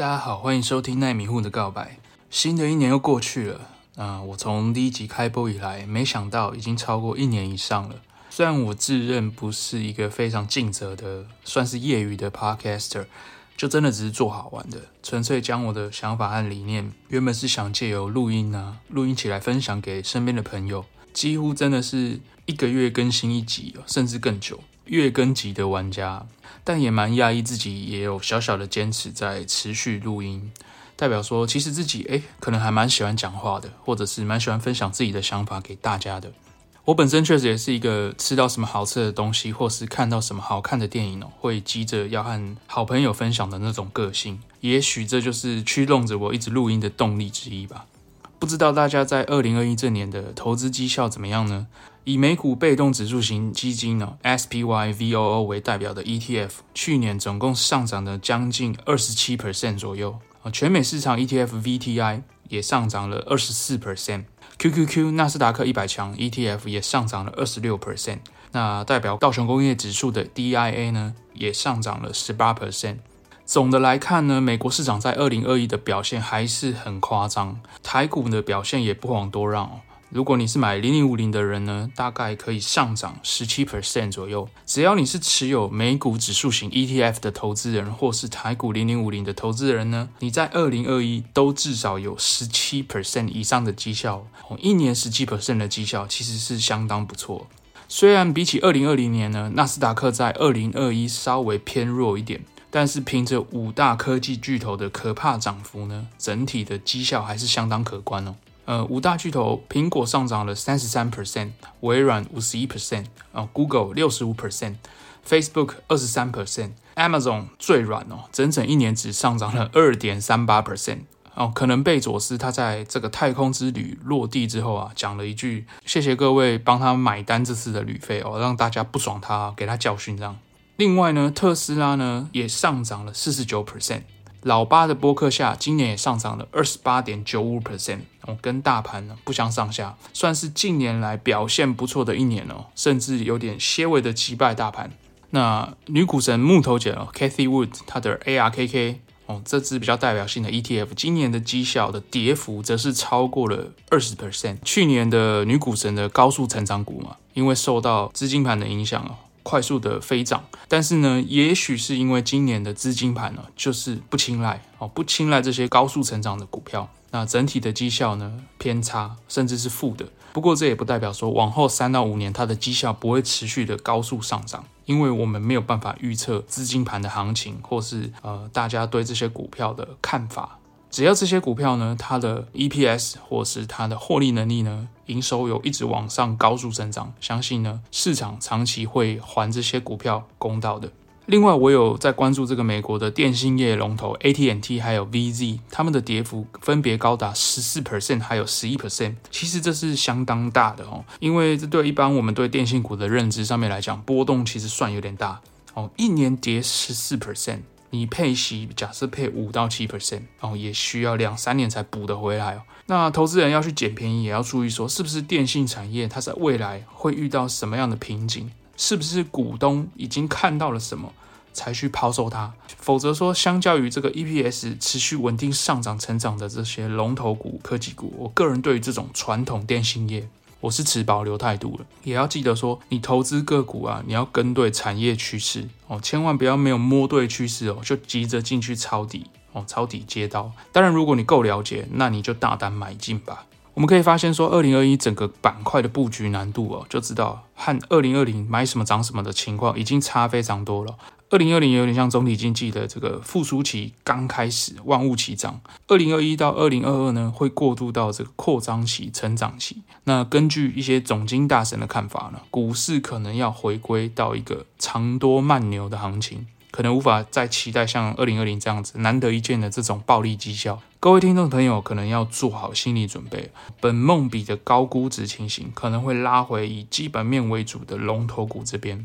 大家好，歡迎收聽《奈米戶的告白》。新的一年又過去了，啊、呃，我從第一集開播以來，沒想到已經超過一年以上了。雖然我自認不是一個非常盡責的，算是業餘的 podcaster，就真的只是做好玩的，純粹將我的想法和理念。原本是想借由錄音啊，錄音起來分享給身邊的朋友，幾乎真的是一個月更新一集，甚至更久。月更級的玩家，但也蠻訝異自己也有小小的堅持在持續錄音，代表說其實自己哎、欸，可能還蠻喜歡講話的，或者是蠻喜歡分享自己的想法給大家的。我本身確實也是一個吃到什麼好吃的東西，或是看到什麼好看的電影哦、喔，會急着要和好朋友分享的那種個性。也許這就是驅動着我一直錄音的動力之一吧。不知道大家在二零二一這年的投資績效怎麼樣呢？以美股被動指數型基金呢、哦、SPY VOO 為代表的 ETF，去年總共上漲了將近二十七 percent 左右啊。全美市場 ETF VTI 也上漲了二十四 percent，QQQ 納斯達克一百強 ETF 也上漲了二十六 percent。那代表道瓊工業指數的 DIA 呢，也上漲了十八 percent。總的來看呢，美國市場在二零二一的表現還是很誇張，台股的表現也不遑多讓哦。如果你是買零零五零的人呢，大概可以上漲十七 percent 左右。只要你是持有美股指數型 ETF 的投資人，或是台股零零五零的投資人呢，你在二零二一都至少有十七 percent 以上的績效。一年十七 percent 的績效其實是相當不錯。雖然比起二零二零年呢，納斯達克在二零二一稍微偏弱一點，但是憑着五大科技巨頭的可怕漲幅呢，整體的績效還是相當可觀哦。呃，五大巨頭，蘋果上漲了三十三 percent，微軟五十一 percent，哦，Google 六十五 percent，Facebook 二十三 percent，Amazon 最軟哦，整整一年只上漲了二點三八 percent，哦，可能貝佐斯他在這個太空之旅落地之後啊，講了一句謝謝各位幫他買單這次的旅費哦，讓大家不爽他給他教訓這樣。另外呢，特斯拉呢也上漲了四十九 percent。老巴的波克夏，今年也上漲了二十八點九五 percent，哦，跟大盤呢不相上下，算是近年來表現不錯的一年哦，甚至有點些微的擊敗大盤。那女股神木頭姐哦 Cathy Wood，她的 ARKK，哦，這支比較代表性的 ETF，今年的績效的跌幅則是超過了二十 percent。去年的女股神的高速成長股嘛，因為受到資金盤的影響哦。快速的飛漲，但是呢，也許是因為今年的資金盤呢，就是不青睞哦，不青睞這些高速成長的股票，那整體的績效呢偏差甚至是負的。不過這也不代表說往後三到五年它的績效不會持續的高速上漲，因為我們沒有辦法預測資金盤的行情或是呃大家對這些股票的看法。只要這些股票呢，它的 EPS 或是它的獲利能力呢，營收有一直往上高速增長，相信呢，市場長期會還這些股票公道的。另外，我有在關注這個美國的電信業龍頭 AT&T 還有 VZ，他們的跌幅分別高達十四 percent 還有十一 percent，其實這是相當大的哦，因為這對一般我們對電信股的認知上面來講，波動其實算有點大哦，一年跌十四 percent。你配息假設配、哦，假設配五到七 percent，也需要兩三年才補得回來哦。那投資人要去撿便宜，也要注意說，是不是電信產業，它在未來會遇到什麼樣的瓶頸？是不是股東已經看到了什麼，才去拋售它？否則說，相較於這個 EPS 持續穩定上漲、成長的這些龍頭股、科技股，我個人對於這種傳統電信業。我是持保留態度的，也要記得說，你投資個股啊，你要跟對產業趨勢哦，千萬不要沒有摸對趨勢哦，就急着進去抄底哦，抄底接刀。當然，如果你夠了解，那你就大膽買進吧。我們可以發現說，二零二一整個板塊的佈局難度哦，就知道和二零二零買什麼漲什麼的情況已經差非常多了。二零二零有點像總體經濟的這個復甦期剛開始，萬物齊漲。二零二一到二零二二呢，會過渡到這個擴張期、成長期。那根據一些總經大神的看法呢，股市可能要回歸到一個長多慢牛的行情，可能無法再期待像二零二零這樣子難得一見的這種暴力績效。各位聽眾朋友可能要做好心理準備，本夢比的高估值情形可能會拉回以基本面為主的龍頭股這邊。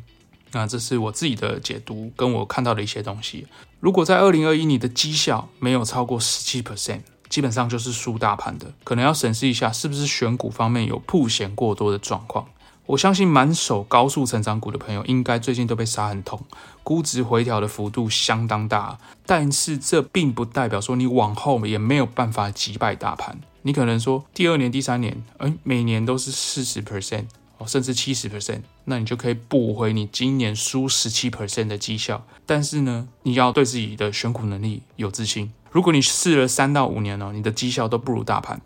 那這是我自己的解讀，跟我看到的一些東西。如果在二零二一，你的績效沒有超過十七 percent，基本上就是輸大盤的，可能要審視一下是不是選股方面有曝險過多的狀況。我相信滿手高速成長股的朋友，應該最近都被殺很痛，估值回調的幅度相當大。但是這並不代表說你往後也沒有辦法擊敗大盤。你可能說第二年、第三年，哎，每年都是四十 percent。甚至七十 percent，那你就可以補回你今年輸十七 percent 的績效。但是呢，你要對自己的選股能力有自信。如果你試了三到五年哦，你的績效都不如大盤，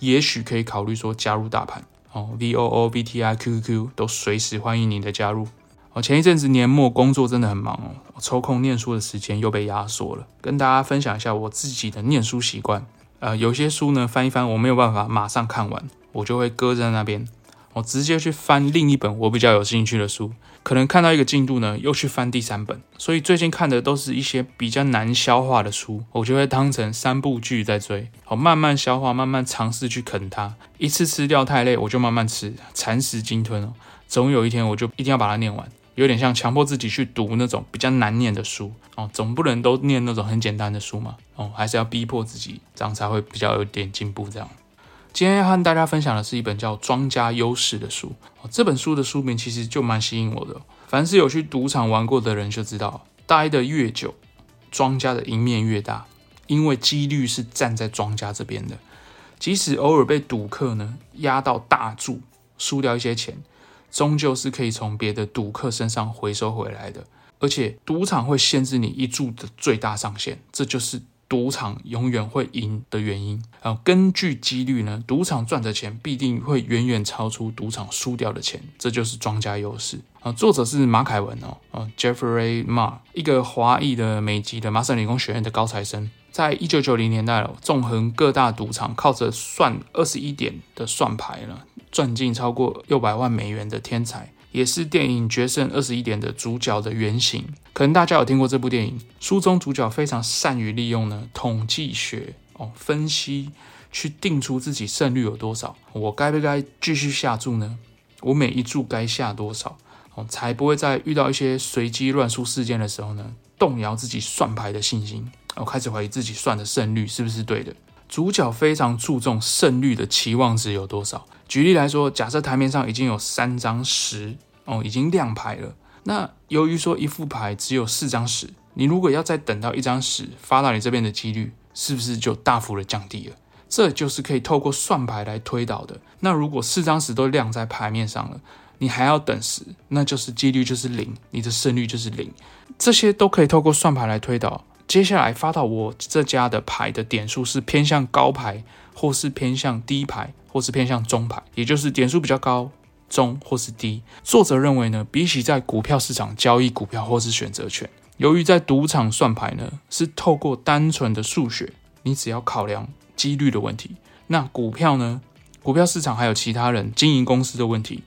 也許可以考慮說加入大盤哦，VOO、VTI、QQQ 都隨時歡迎你的加入。哦，前一陣子年末工作真的很忙哦，抽空念書的時間又被壓縮了。跟大家分享一下我自己的念書習慣。呃，有些書呢翻一翻，我沒有辦法馬上看完，我就會擱在那邊。我直接去翻另一本我比較有興趣的書，可能看到一個進度呢，又去翻第三本。所以最近看的都是一些比較難消化的書，我就會當成三部劇在追，哦，慢慢消化，慢慢嘗試去啃它。一次吃掉太累，我就慢慢吃，蠶食鯨吞哦。總有一天我就一定要把它念完，有點像強迫自己去讀那種比較難念的書哦，總不能都念那種很簡單的書嘛哦，還是要逼迫自己，這樣才會比較有點進步這樣。今天要和大家分享的是一本叫《莊家優勢》的書，哦。這本書的書名其實就蠻吸引我的，哦。凡是有去賭場玩過的人就知道，待得越久，莊家的贏面越大，因為幾率是站在莊家這邊的。即使偶爾被賭客呢壓到大注，輸掉一些錢，終究是可以從別的賭客身上回收回來的。而且，賭場會限制你一注的最大上限，這就是。賭場永遠會贏的原因啊，根據幾率呢，賭場賺的錢必定會遠遠超出賭場輸掉的錢，這就是莊家優勢啊。作者是馬凱文哦，啊，Jeffrey Ma，一個華裔的美籍的麻省理工學院的高材生，在一九九零年代哦，縱橫各大賭場，靠着算二十一點的算牌呢，賺進超過六百萬美元的天才。也是電影《決勝二十一點》的主角的原型，可能大家有聽過這部電影。書中主角非常善於利用呢統計學哦分析，去定出自己勝率有多少，我該不該繼續下注呢？我每一注該下多少哦，才不會在遇到一些隨機亂數事件的時候呢動搖自己算牌的信心？我、哦、開始懷疑自己算的勝率是不是對的。主角非常注重勝率的期望值有多少。舉例來說，假設台面上已經有三張十，哦，已經亮牌了。那由於說一副牌只有四張十，你如果要再等到一張十發到你這邊的幾率，是不是就大幅的降低了？這就是可以透過算牌來推導的。那如果四張十都亮在牌面上了，你還要等十，那就是幾率就是零，你的勝率就是零。這些都可以透過算牌來推導。接下來發到我這家的牌的點數是偏向高牌，或是偏向低牌？或是偏向中牌，也就是點數比較高、中或是低。作者認為呢，比起在股票市場交易股票或是選擇權，由於在賭場算牌呢是透過單純的數學，你只要考量幾率的問題。那股票呢，股票市場還有其他人經營公司的問題。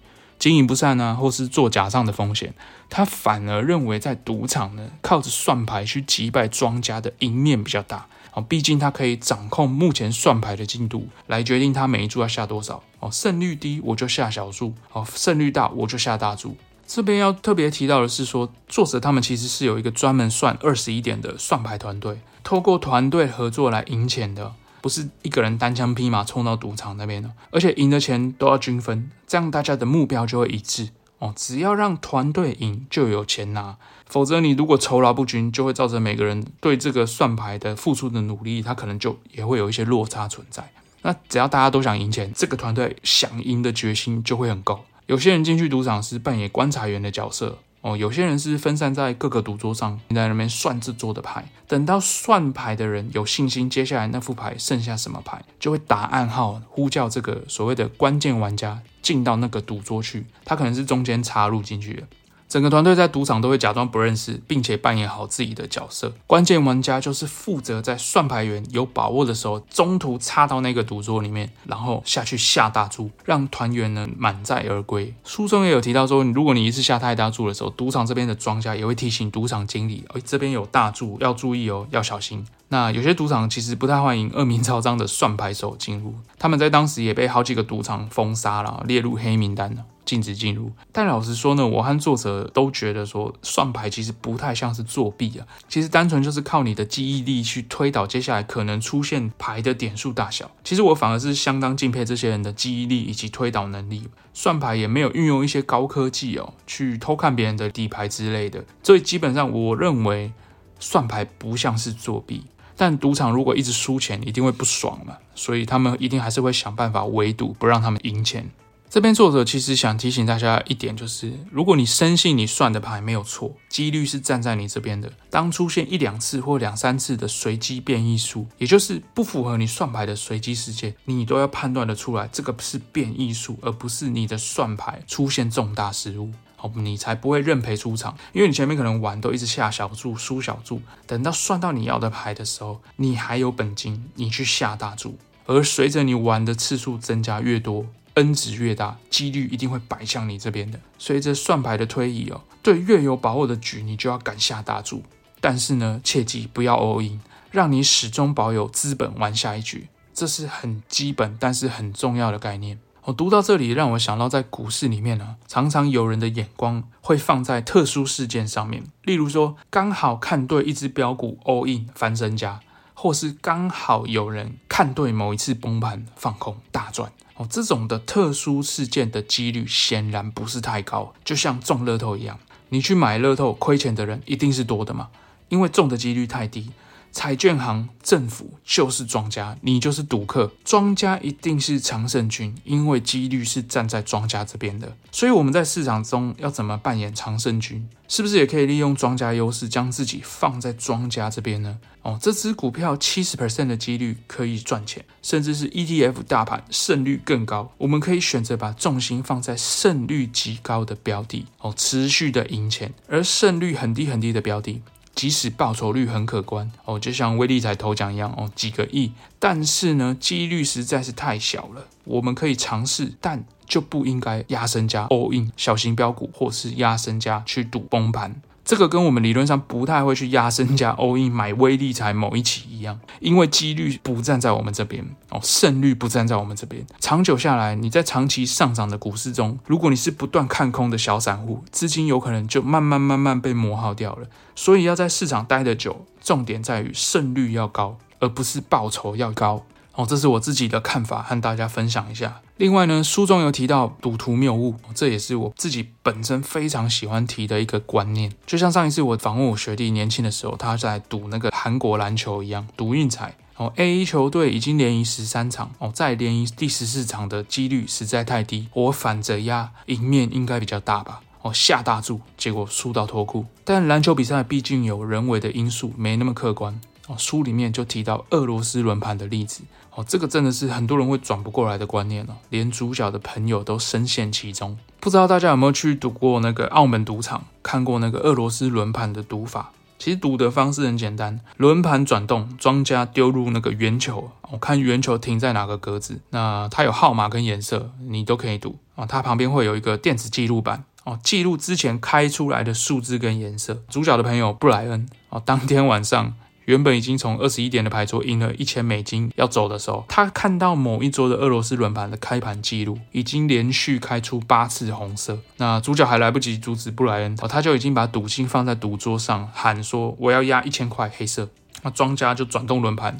經營不善呢、啊，或是做假賬的風險，他反而認為在賭場呢，靠着算牌去擊敗莊家的贏面比較大。啊，畢竟他可以掌控目前算牌的進度，來決定他每一注要下多少。哦，勝率低我就下小注，哦，勝率大我就下大注。這邊要特別提到的是說，說作者他們其實是有一個專門算二十一點的算牌團隊，透過團隊合作來贏錢的。不是一個人單槍匹馬衝到賭場那邊的，而且贏的錢都要均分，這樣大家的目標就會一致哦。只要讓團隊贏就有錢拿，否則你如果酬勞不均，就會造成每個人對這個算牌的付出的努力，他可能就也會有一些落差存在。那只要大家都想贏錢，這個團隊想贏的決心就會很高。有些人進去賭場是扮演觀察員的角色。哦，有些人是分散在各個賭桌上，你在那邊算這桌的牌。等到算牌的人有信心，接下來那副牌剩下什麼牌，就會打暗號呼叫這個所謂的關鍵玩家進到那個賭桌去。他可能是中間插入進去了。整個團隊在賭場都會假裝不認識，並且扮演好自己的角色。關鍵玩家就是負責在算牌員有把握的時候，中途插到那個賭桌裡面，然後下去下大注，讓團員能滿載而歸。書中也有提到說，如果你一次下太大注的時候，賭場這邊的莊家也會提醒賭場經理，哎、哦，這邊有大注，要注意哦，要小心。那有些賭場其實不太歡迎惡名昭彰的算牌手進入，他們在當時也被好幾個賭場封殺了，然後列入黑名單了。禁止進入。但老實說呢，我和作者都覺得說，算牌其實不太像是作弊啊。其實單純就是靠你的記憶力去推導接下來可能出現牌的點數大小。其實我反而是相當敬佩這些人的記憶力以及推導能力。算牌也沒有運用一些高科技哦，去偷看別人的底牌之類的。所以基本上，我認為算牌不像是作弊。但賭場如果一直輸錢，一定會不爽嘛。所以他們一定還是會想辦法圍堵，不讓他們贏錢。這邊作者其實想提醒大家一點，就是如果你深信你算的牌沒有錯，幾率是站在你這邊的。當出現一兩次或兩三次的隨機變異數，也就是不符合你算牌的隨機事件，你都要判斷得出來，這個是變異數，而不是你的算牌出現重大失誤。好，你才不會認賠出場，因為你前面可能玩都一直下小注、輸小注，等到算到你要的牌的時候，你還有本金，你去下大注。而隨着你玩的次數增加越多，N 值越大，幾率一定會擺向你這邊的。隨著算牌的推移哦，對越有把握的局，你就要敢下大注。但是呢，切記不要 all in，讓你始終保有資本玩下一局，這是很基本但是很重要的概念。我、哦、讀到這裡，讓我想到在股市裡面呢、啊，常常有人的眼光會放在特殊事件上面，例如說剛好看對一隻標股 all in，翻身家。或是剛好有人看對某一次崩盤放空大賺哦，這種的特殊事件的幾率顯然不是太高，就像中樂透一樣，你去買樂透虧錢的人一定是多的嘛，因為中的幾率太低。彩券行政府就是莊家，你就是賭客。莊家一定是常勝軍，因為幾率是站在莊家這邊的。所以我們在市場中要怎麼扮演常勝軍？是不是也可以利用莊家優勢，將自己放在莊家這邊呢？哦，這支股票70%的幾率可以賺錢，甚至是 ETF 大盤勝率更高。我們可以選擇把重心放在勝率極高的標的，哦，持續的贏錢。而勝率很低很低的標的。即使報酬率很可觀哦，就像威力彩頭獎一樣哦，幾個億，但是呢，幾率實在是太小了。我們可以嘗試，但就不應該押身家 all in 小型標股，或是押身家去賭崩盤。這個跟我們理論上不太會去押身家 all in，買威力彩某一期一樣，因為幾率不站在我們這邊哦，勝率不站在我們這邊。長久下來，你在長期上漲的股市中，如果你是不斷看空的小散戶，資金有可能就慢慢慢慢被磨耗掉了。所以要在市場待得久，重點在於勝率要高，而不是報酬要高。哦，這是我自己的看法，和大家分享一下。另外呢，書中有提到賭徒謬誤，這也是我自己本身非常喜歡提的一個觀念。就像上一次我訪問我學弟年輕的時候，他在賭那個韓國籃球一樣，賭運彩哦，A1 球隊已經連贏十三場哦，再連贏第十四場的幾率實在太低，我反着壓，贏面應該比較大吧？哦，下大注，結果輸到脫褲。但籃球比賽畢竟有人為的因素，沒那麼客觀。書裡面就提到俄羅斯輪盤的例子。哦，這個真的是很多人會轉不過來的觀念了。連主角的朋友都深陷其中。不知道大家有沒有去賭過那個澳門賭場，看過那個俄羅斯輪盤的賭法？其實賭的方式很簡單，輪盤轉動，莊家丟入那個圓球，我看圓球停在哪個格子。那它有號碼跟顏色，你都可以賭啊。它旁邊會有一個電子記錄板哦，記錄之前開出來的數字跟顏色。主角的朋友布萊恩啊，當天晚上。原本已經從二十一點的牌桌贏了一千美金要走的時候，他看到某一桌的俄羅斯輪盤的開盤記錄已經連續開出八次紅色。那主角還來不及阻止布萊恩，他就已經把賭金放在賭桌上，喊說：“我要壓一千塊黑色。”那莊家就轉動輪盤，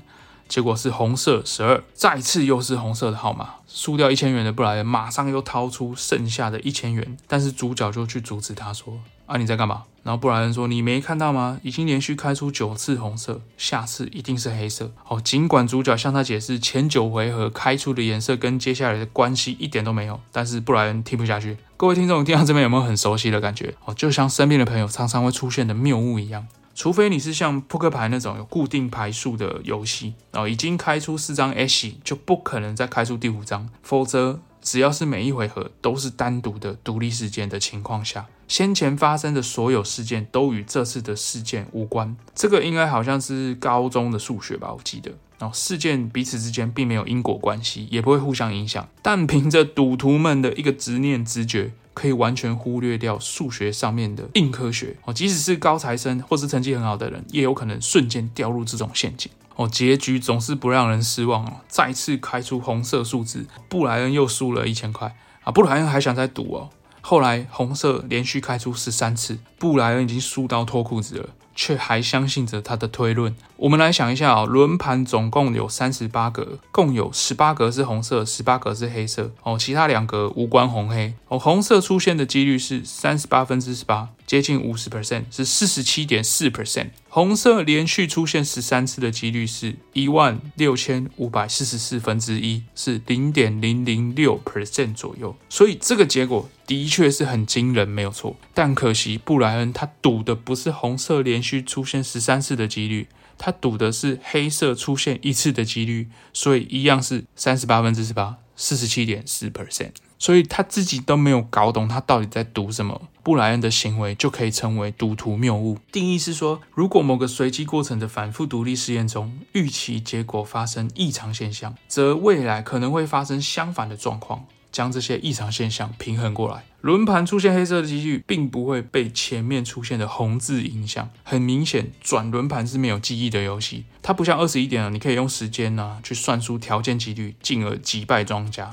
結果是紅色十二，再次又是紅色的號碼，輸掉一千元的布萊恩馬上又掏出剩下的一千元，但是主角就去阻止他說。啊，你在幹嘛？然後布萊恩說：“你沒看到嗎？已經連續開出九次紅色，下次一定是黑色。”哦，好，儘管主角向他解釋，前九回合開出的顏色跟接下來的關係一點都沒有，但是布萊恩聽不下去。各位聽眾，聽到這邊有沒有很熟悉的感覺？哦，就像身邊的朋友常常會出現的謬誤一樣。除非你是像撲克牌那種有固定牌數的遊戲，哦，已經開出四張 S，就不可能再開出第五張，否則。只要是每一回合都是單獨的獨立事件的情況下，先前發生的所有事件都與這次的事件無關。這個應該好像是高中的數學吧，我記得。哦，然後事件彼此之間並沒有因果關係，也不會互相影響。但憑着賭徒們的一個執念直覺，可以完全忽略掉數學上面的硬科學。哦，即使是高材生或是成績很好的人，也有可能瞬間掉入這種陷阱。哦，結局總是不讓人失望哦。再次開出紅色數字，布萊恩又輸了一千塊啊！布萊恩還想再賭哦。後來紅色連續開出十三次，布萊恩已經輸到脫褲子了，卻還相信着他的推論。我們來想一下啊哦，輪盤總共有三十八格，共有十八格是紅色，十八格是黑色哦，其他兩格無關紅黑哦。紅色出現的幾率是三十八分之十八。接近五十 percent 是四十七點四 percent，紅色連續出現十三次的幾率是一萬六千五百四十四分之一，是零點零零六 percent 左右。所以這個結果的確是很驚人，沒有錯。但可惜布萊恩他賭的不是紅色連續出現十三次的幾率，他賭的是黑色出現一次的幾率，所以一樣是三十八分之十八，四十七點四 percent。所以他自己都沒有搞懂他到底在賭什麼。布萊恩的行為就可以稱為賭徒謬誤。定義是說，如果某個隨機過程的反覆獨立試驗中，預期結果發生異常現象，則未來可能會發生相反的狀況，將這些異常現象平衡過來。輪盤出現黑色的幾率並不會被前面出現的紅字影響。很明顯，轉輪盤是沒有記憶的遊戲，它不像二十一點啊，你可以用時間啊去算出條件幾率，進而擊敗莊家。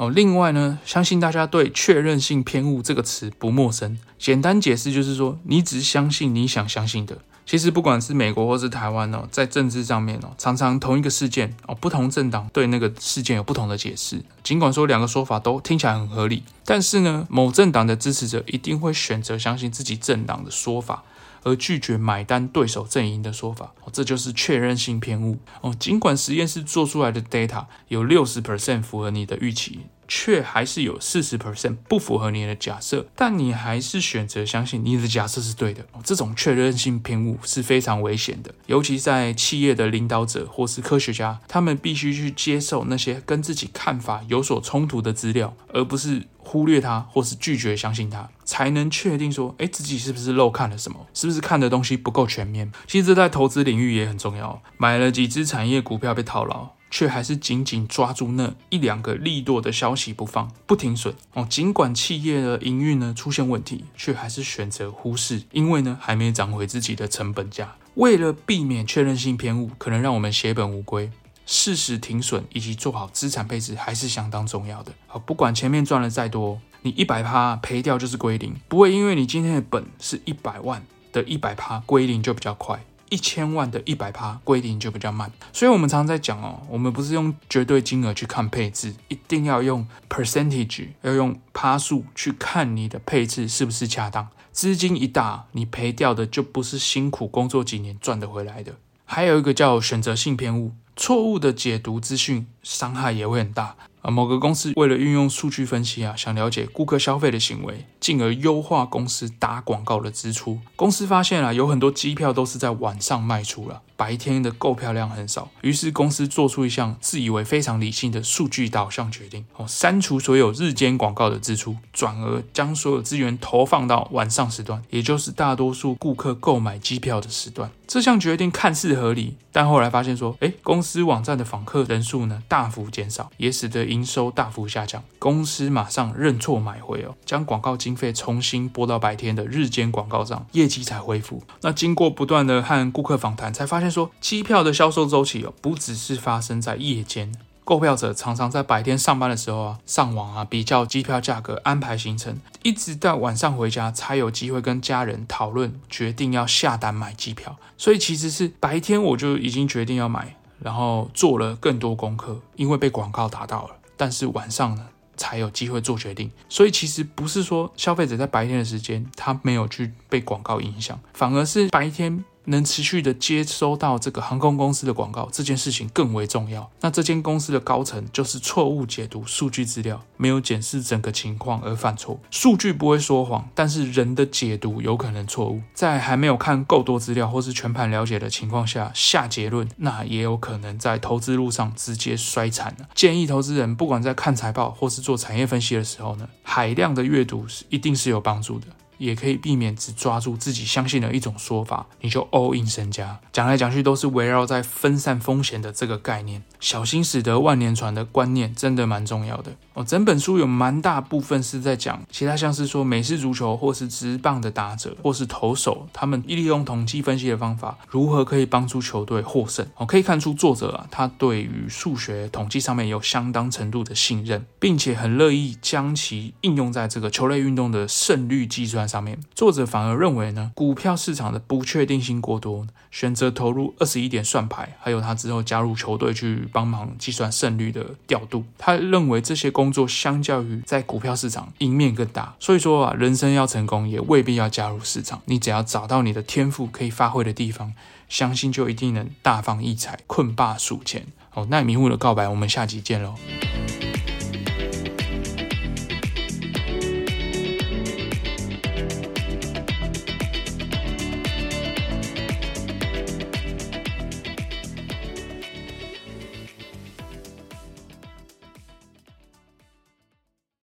哦，另外呢，相信大家對“確認性偏誤”這個詞不陌生。簡單解釋就是說，你只相信你想相信的。其實不管是美國或是台灣哦，在政治上面哦，常常同一個事件哦，不同政黨對那個事件有不同的解釋。儘管說兩個說法都聽起來很合理，但是呢，某政黨的支持者一定會選擇相信自己政黨的說法。而拒絕買單對手陣營的說法，哦，這就是確認性偏誤。哦，儘管實驗室做出來的 data 有60%符合你的預期。卻還是有四十 percent 不符合你的假設，但你還是選擇相信你的假設是對的。這種確認性偏誤是非常危險的，尤其在企業的領導者或是科學家，他們必須去接受那些跟自己看法有所衝突的資料，而不是忽略它，或是拒絕相信它，才能確定說，哎，自己是不是漏看了什麼，是不是看的東西不夠全面。其實在投資領域也很重要，買了幾隻產業股票被套牢。卻還是緊緊抓住那一兩個利多的消息不放，不停損哦。儘管企業的營運呢，出現問題，卻還是選擇忽視，因為呢還沒漲回自己的成本價。為了避免確認性偏誤，可能讓我們血本無歸。適時停損以及做好資產配置還是相當重要的。好，不管前面賺了再多，你一百趴賠掉就是歸零，不會因為你今天的本是一百萬的，一百趴歸零就比較快。一千萬的一百趴，歸零就比較慢，所以我們常常在講哦，我們不是用絕對金額去看配置，一定要用 percentage，要用趴數去看你的配置是不是恰當。資金一大，你賠掉的就不是辛苦工作幾年賺得回來的。還有一個叫選擇性偏誤，錯誤的解讀資訊，傷害也會很大。啊，某個公司為了運用數據分析啊，想了解顧客消費的行為，進而優化公司打廣告的支出。公司發現啊，有很多機票都是在晚上賣出了，白天的購票量很少。於是公司做出一項自以為非常理性的數據導向決定：哦，刪除所有日間廣告的支出，轉而將所有資源投放到晚上時段，也就是大多數顧客購買機票的時段。這項決定看似合理，但後來發現說，誒，公司網站的訪客人數呢，大幅減少，也使得營收大幅下降。公司馬上認錯買回哦，將廣告經費重新撥到白天的日間廣告上，業績才恢復。那經過不斷的和顧客訪談，才發現說，機票的銷售周期哦，不只是發生在夜間。購票者常常在白天上班的時候啊，上網啊比較機票價格、安排行程，一直到晚上回家才有機會跟家人討論，決定要下單買機票。所以其實是白天我就已經決定要買，然後做了更多功課，因為被廣告打到了。但是晚上呢才有機會做決定。所以其實不是說消費者在白天的時間他沒有去被廣告影響，反而是白天。能持續的接收到這個航空公司的廣告，這件事情更為重要。那這間公司的高層就是錯誤解讀數據資料，沒有檢視整個情況而犯錯。數據不會說謊，但是人的解讀有可能錯誤。在還沒有看夠多資料或是全盤了解的情況下下結論，那也有可能在投資路上直接衰慘啊。建議投資人不管在看財報或是做產業分析的時候呢，海量的閱讀是一定是有幫助的。也可以避免只抓住自己相信的一種說法，你就 all in 身家。講來講去都是圍繞在分散風險的這個概念，小心駛得萬年船的觀念真的蠻重要的哦。整本書有蠻大部分是在講其他，像是說美式足球或是職棒的打者或是投手，他們利用統計分析的方法，如何可以幫助球隊獲勝。哦，可以看出作者啊，他對於數學統計上面有相當程度的信任，並且很樂意將其應用在這個球類運動的勝率計算。上面作者反而認為呢，股票市場的不確定性過多，選擇投入二十一點算牌，還有他之後加入球隊去幫忙計算勝率的調度，他認為這些工作相較於在股票市場贏面更大。所以說啊，人生要成功，也未必要加入市場，你只要找到你的天賦可以發揮的地方，相信就一定能大放異彩，困霸數錢。好，奈米戶的告白，我們下集見嘍。